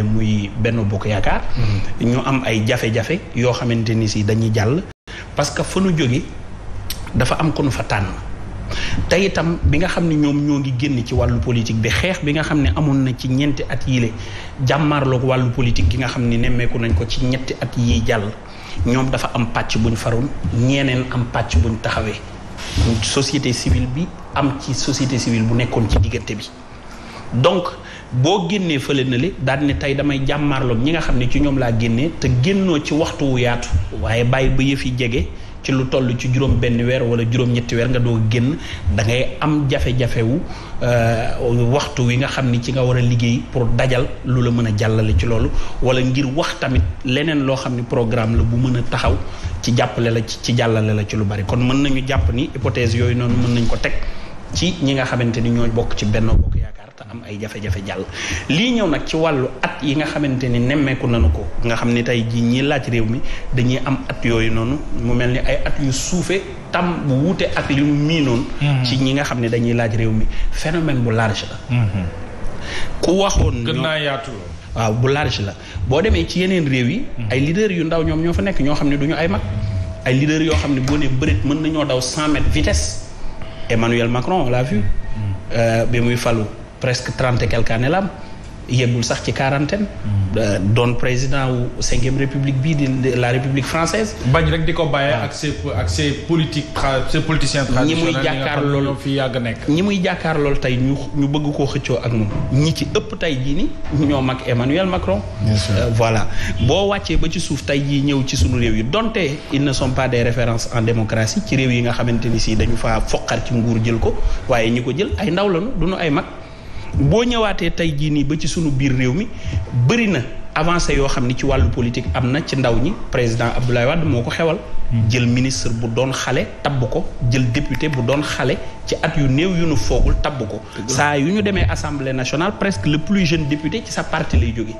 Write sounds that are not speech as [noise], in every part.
muy benn Bokk Yaakaar. Mm-hmm. ñu am ay jafe-jafe yoo xamante ni si dañuy jàll. parce que fa nu jóge dafa am konu fa tànn te itam bi nga xam ne ñoom ñoo ngi génn ci wàllu politique bi xeex bi nga xam ne amoon na ci ñeenti at yile jàmmaarloog wàllu politique gi nga xam ne nemmeeku nañ ko ci ñetti at yiy jàll ñoom dafa am pàcc buñ faroon ñeneen am pàcc buñ taxawee. société civile bi am ci société civile bu nekkoon ci diggante bi donc. boo génnee fële na li daal ne tey damay jàmmaarloog ñi nga xam ne ci ñoom laa génnee te génnoo ci waxtu wu yaatu waaye bàyyi ba yëf yi jege ci lu toll ci juróom benn weer wala juróom ñetti weer nga doo génn da ngay am jafe-jafe euh, waxtu wi nga xam ni ci nga war a liggéey pour dajal lu la mën a jàllale ci loolu wala ngir wax tamit leneen loo xam ni programme la bu mën a taxaw ci jàppale la ci jàllale la ci lu bari kon mën nañu jàpp ni hypothèse yooyu noonu mën nañ ko teg ñi nga xamante ni ñoo bokk ci benn te am ay jafe-jafe jàll lii ñëw nag ci wàllu at yi nga xamante ni nemmeeku nañu ko nga xam ni tey jii ñi laaj réew mi dañuy am at yooyu noonu mu mel ni ay at yu suufe tam bu wuute ak li mu miinoon mm-hmm. ci ñi nga xam ne dañuy laaj réew mi phénomène bu large la mm-hmm. ku waxoon gën naa yaatu waaw bu large la boo demee ci yeneen réew yi mm-hmm. ay leader yu ndaw ñoom ñoo fa nekk ñoo xam ne duñu ay mag ay leader yoo xam ne boo ne bërit mën nañoo daw cent mètres vitesse Emmanuel Macron l'a presque trente et la am yeggul sax ci quarantaine mm. euh, doon président wu cinquième république bii di la république française bañ rek di ko bàyyee ak ses ak ses politiques ses politiciens ñi muy jàkkaar lool fi yàgg nekk ñi muy jàkkaar lool ñu ñu bëgg koo xëccoo ak moom ñi ci ëpp tey jii ni ñoo mag Emmanuel Macron euh, voilà boo wàccee ba ci suuf tey jii ñëw ci suñu réew yi donte ils ne sont pas des références en démocratie ci réew yi nga xamante ni si dañu faa foqar ci nguur jël ko waaye ñi ko jël ay ndaw lañu boo ñëwaatee tey jii nii ba ci suñu biir réew mi bëri na avancé yoo xam ni ci wàllu politique am na ci ndaw ñi président Abdoulaye Wade moo ko xewal. Hmm. jël ministre bu doon xale tabb ko jël député bu doon xale ci at yu néew yu nu foogul tabb ko. saa yu ñu demee assemblée nationale presque le plus jeune député ci sa parti lay jóge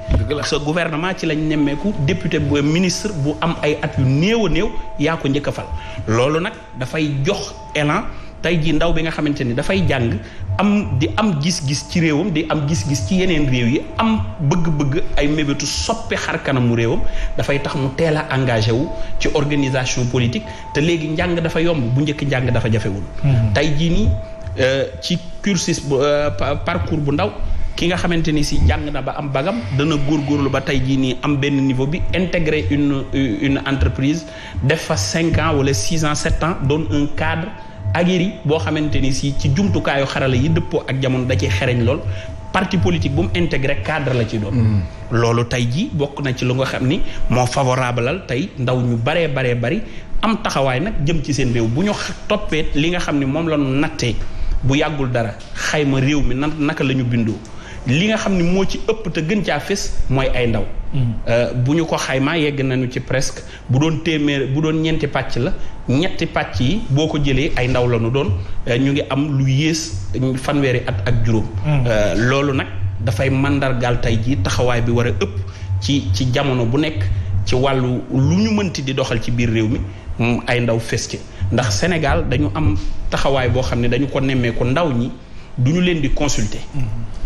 sa gouvernement ci lañ nemmeeku député bu ministre bu am ay at yu néew a néew yaa ko njëkk a fal. loolu nag dafay jox élan. tey jii ndaw bi nga xamante ni dafay jàng am di am gis-gis ci réewam di am gis-gis ci yeneen réew yi am bëgg-bëgg ay mébétu soppi xar kanamu réewam dafay tax mu teel a engagé wu ci organisation politique te léegi njàng dafa yomb bu njëkk njàng dafa jafewul. Hmm. tey jii nii euh, ci cursus bu euh, parcours bu ndaw. ki nga xamante ni si jàng na ba am bagam dana góorgóorlu ba tey jii nii am benn niveau bi intégrer une une entreprise def fa cinq ans wala six ans sept ans doon un cadre aguerri boo xamante ni si ci jumtukaayu xarala yi dëppoo ak jamono da ciy xereñ lool parti politique bu mu intégré cadre la ci doon. Mm. loolu tey jii bokk na ci lu nga xam ni moo favorablal tey ndaw ñu baree baree bari am taxawaay nag jëm ci seen réew bu ñu toppee li nga xam ni moom la ñu bu yàggul dara xayma réew mi nan naka la ñu bindoo. li nga xam ne moo ci ëpp te gën caa fés mooy ay ndaw. Mm-hmm. Euh, bu ñu ko xaymaa yegg nañu ci presque bu doon téeméer bu doon ñeenti pàcc la ñetti pàcc yi boo ko jëlee ay ndaw la doon euh, ñu ngi am lu yées fanweeri at ak juróom. Mm-hmm. Euh, loolu nag dafay màndargaal tey jii taxawaay bi war a ëpp ci ci jamono bu nekk ci wàllu lu ñu mënti di doxal ci biir réew mi mm, ay ndaw fés ki ndax Sénégal dañu am taxawaay boo xam ne dañu ko nemmeeku ndaw ñi du ñu leen di consulter. Mm-hmm.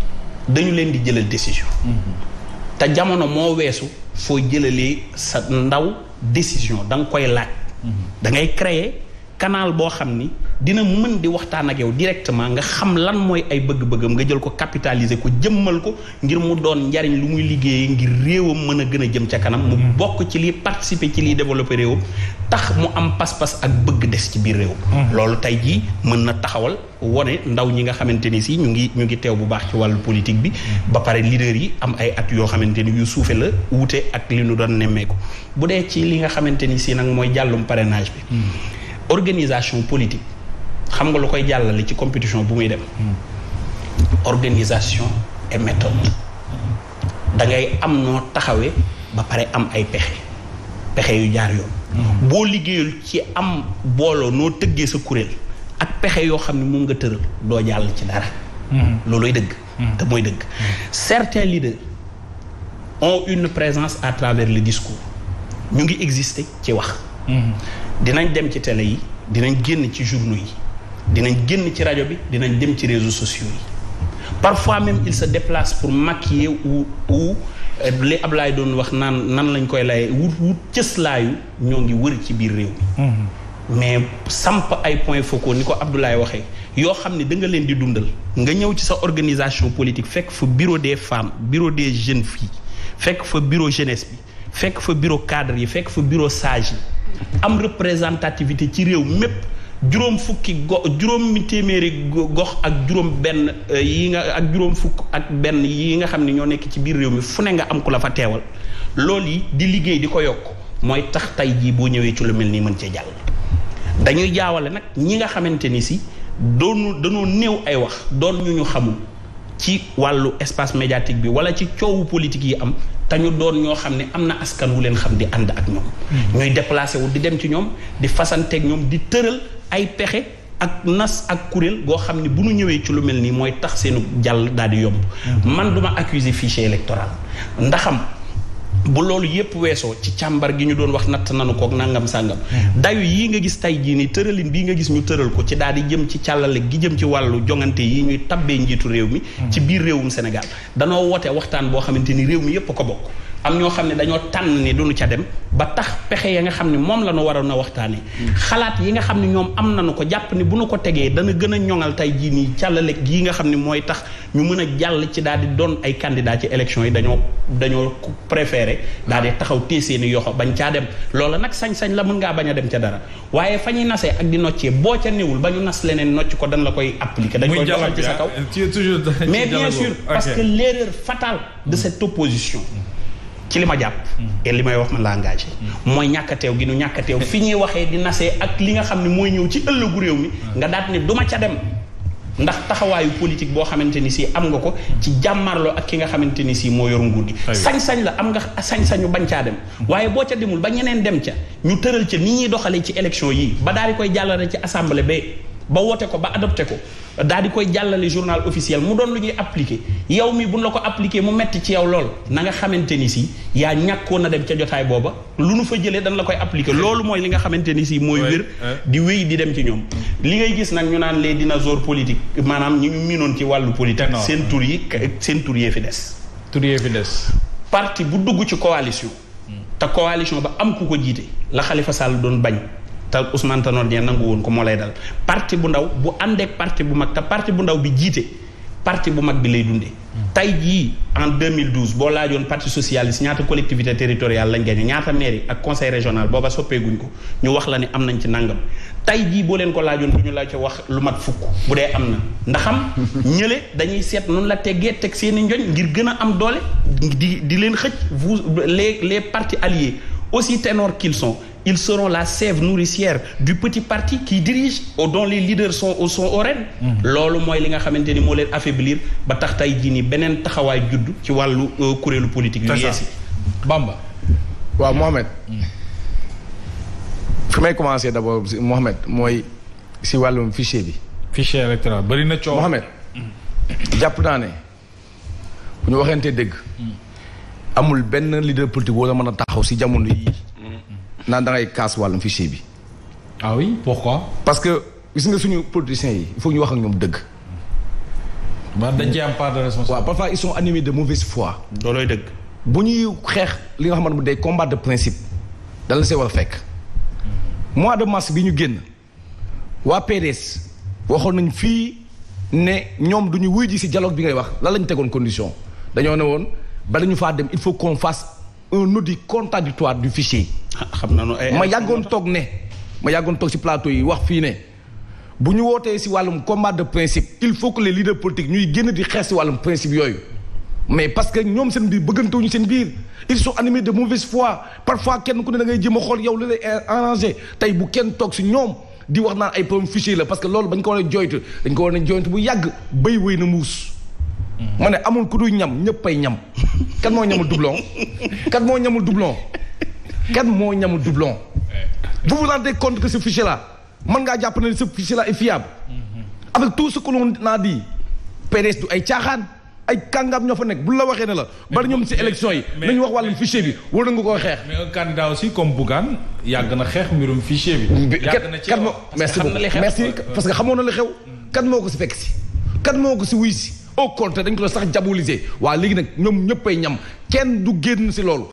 dañu leen di jëlal décision. Mm-hmm. te jamono moo weesu foo jëlalee sa ndaw décision da nga koy laaj. Mm-hmm. da ngay créer kanaal boo xam ni dina mën di waxtaan ak yow directement nga xam lan mooy ay bëgg-bëggam nga jël ko capitaliser ko jëmmal ko ngir mu doon njariñ lu muy liggéeyee ngir réewam mën a gën a jëm ca kanam mu mm-hmm. bokk ci liy participer ci liy développer réewam tax mu am pas-pas ak bëgg des ci biir réew mm-hmm. loolu tey jii mën na taxawal wone ndaw ñi nga xamante ni si ñu ngi ñu ngi teew bu baax ci wàllu politique bi mm-hmm. ba pare leader yi am ay at yoo xamante ni yu suufe la wuute ak li ñu doon nemmeeku bu dee ci li nga xamante ni si nag mooy jàllum parrainage bi organisation politique xam nga lu koy jàllale ci compétition bu muy dem organisation et méthode da ngay am noo taxawee ba pare am ay pexe pexe yu jaar yoon mm-hmm. boo liggéeyul ci am booloo noo tëggee sa kuréel ak pexe yoo xam ne moom nga tëral doo jàll ci dara mm-hmm. looluy dëgg mm-hmm. te mooy dëgg certains leaders on une présence à travers le discours ñu ngi exister ci wax Mm-hmm. dinañ dem ci télé yi dinañ génn ci journaux yi dinañ génn ci rajo bi dinañ dem ci réseaux sociaux yi parfois même il sa déplace pour maquiller ou ou euh, li Ablaye doon wax naan nan lañ koy layee wut wut cëslaayu ñoo ngi wër ci biir réew mi mm-hmm. mais samp ay points focaux ni ko abdulaay waxee yoo xam ne danga leen di dundal nga ñëw ci sa organisation politique fekk fa bureau des femmes bureau des jeunes filles fekk fa bureau jeunesse bi fekk fa bureau cadre yi fekk fa bureau sage yi am représentativité ci réew mépp juróom fukki go juróom téeméeri gox ak juróom benn euh, yi nga ak juróom fukk ak benn yi nga xam ne ñoo nekk ci biir réew mi fu ne nga am ku la fa teewal lool yi di liggéey di ko yokk mooy tax tey jii boo ñëwee ci lu mel nii mën cee jàll dañuy jaawale nag ñi nga xamante ni si doonu dañoo néew ay wax doon ñu ñu xamul ci wàllu espace médiatique bi wala ci coowu politique yi am te ñu doon ñoo xam ne am na askan wu leen xam di ànd ak ñoom. Mm-hmm. ñooy déplacé wu di dem ci ñoom di fasanteeg ñoom di tëral ay pexe ak nas ak kuréel goo xam ne bu ñu ñëwee ci lu mel nii mooy tax seenu jàll daal di yomb. Mm-hmm. man duma accuser fichier électoral ndaxam. bu loolu yépp weesoo ci càmbar gi ñu doon wax natt nanu kook nangam sàngam hmm. dayu yii nga gis tay jii ni tëralin bii nga gis ñu tëral ko ci daal di jëm ci càllale gi jëm ci wàllu jongante yi ñuy tabbee njiitu réew mi hmm. ci biir réewum Sénégal danoo woote waxtaan boo xamante ni réew mi yépp ko bokk am ñoo xam ne dañoo tànn ni duñu ca dem ba tax pexe ya nga xam ne moom la ñu waroon a waxtaanee. xalaat yi nga xam ne ñoom am na nañu ko jàpp ni bu nu ko tegee dana gën a ñoŋal tey jii nii càllale gii nga xam ne mooy tax ñu mën a jàll ci daal di doon ay candidat ci élection yi dañoo dañoo préféré daal di taxaw téye seen i yoxo bañ caa dem loola nag sañ-sañ la mun ngaa bañ a dem ca dara waaye fa ñuy nasee ak di noccee boo ca newul ba ñu nas leneen nocc ko dañ la koy appliquer dañoo koy doxal ci sa kaw ah, [laughs] mais bien sûr parce que l'erreur fatale de cette ci li ma jàpp. Mm-hmm. et li may wax ma la engagé. Mm-hmm. mooy ñàkk teew gi nu ñàkkateew a fi ñuy waxee di nasee ak li nga xam ne mooy ñëw ci ëllëgu réew mi. Mm-hmm. nga daat ne du ma ca dem. ndax taxawaayu politique boo xamante ni sii am nga ko ci jàmmarloo ak ki nga xamante ni si moo yor nguur sañ-sañ la am nga sañ-sañu bañ caa dem waaye boo ca demul ba ñeneen dem ca ñu tëral ca ni ñuy doxalee ci élection yi ba daal di koy jàllale ci assemblée ba ba woote ko ba adopte ko daal di koy jàllale journal officiel mu doon lu ñuy appliqué yow mi buñ la ko appliqué mu metti ci yow lool na nga xamante ni si yaa ñàkkoon a dem ca jotaay booba lu nu fa jëlee dañ la koy appliqué loolu mooy li nga xamante ni si mooy wér di wéy di dem ci ñoom li ngay gis nag ñu naan lee dina dinosaures politique maanaam ñu miinoon ci wàllu politique seen tur yi seen fi des tur yee fi des parti bu dugg ci coalition hmm. te coalition ba am ku ko jiite la Khalifa Sall doon bañ te Ousmane Tanor Dieng nangu woon ko moo lay dal parti bu ndaw bu àndeek parti bu mag te parti bu ndaw bi jiite parti bu mag bi lay dundee. tey jii en 2012 boo laajoon parti socialiste ñaata collectivité territoriale lañ gagné ñaata mairie ak conseil régional booba soppeeguñ ko ñu wax la ni am nañ ci nangam tey jii boo leen ko laajoon du ñu la ci wax lu mat fukk bu dee am na ndaxam ñële dañuy seet noonu la teggee teg seen i njoñ ngir gën a am doole di di leen xëcc vous les les partis alliés aussi ténors qu'ils sont. ils seront la sève nourricière du petit parti qui dirige ou dont les leaders sont au mhm. loolu mooy li nga xamante ni moo leen affaiblir ba tax tey jii nii beneen taxawaay judd ci wàllu euh, kuréelu politique yu yees yi Bamba waaw Mohamed may commencer d'abord Mohamed mooy si wàllum fichier bi fichier électoral bëri na coow Mohamed mhm. jàpp naa ne bu ñu waxeentee dëgg mhm. amul benn leader politique woo la mën a taxaw si jamono yii naan da ngay kaas fichier bi. ah oui pourquoi. parce que gis nga suñu politiciens yi il faut ñu wax ak ñoom dëgg. man dañ cee am part de responsabilité. waaw parfois ils sont animés de mauvaise foi. loolooy dëgg. bu ñuy xeex li nga xamante ne day combat de principe. dana la see war a fekk. mois de mars bi ñu génn. waa PDS. waxoon nañu fii ne ñoom du ñu wuy ji si dialogue bi ngay wax lan lañu tegoon condition dañoo ne woon bala ñu faa dem il faut qu'on fasse un audit contradictoire du fichier. xam nañu ay ma yàggoon toog ne ma yàggoon toog si plateau yi wax fii ne bu ñu wootee si wàllum combat de principe il faut que les leaders politiques ñuy génn di xeex si wàllum principe yooyu mais parce que ñoom seen biir ñu seen biir ils sont animés de mauvaise foi parfois kenn ku ne da ngay jéem a xool yow li lay arrangé tey bu kenn toog si ñoom di wax naan ay problème fichier la parce que loolu bañ ko war a joytu dañ ko war a joytu bu yàgg béy wéy na muus hmm. ma ne amul ku ñam ñëpp ay ñam kan moo ñamul doublon moo ñamul doublon kan moo ñamu doublon eh. vous vous rendez compte que ce fichier là mën ngaa jàpp na ce fichier là est fiable mm-hmm. avec tout ce que l'on a dit PDS du ay caaxaan ay kàngam ñoo fa nekk bu la waxee ne la bari ñoom ci élection yi nañu wax wàllum fichier bi war na nga koo xeex mais un candidat aussi comme Bougane yàgg xeex mbirum fichier bi yàgg parce que xamoon na li xew mm. kan moo ko si fekk si kan moo ko si wuy si au contraire dañ ko sax diaboliser waa léegi nag ñoom ñëppay ñam kenn du génn si loolu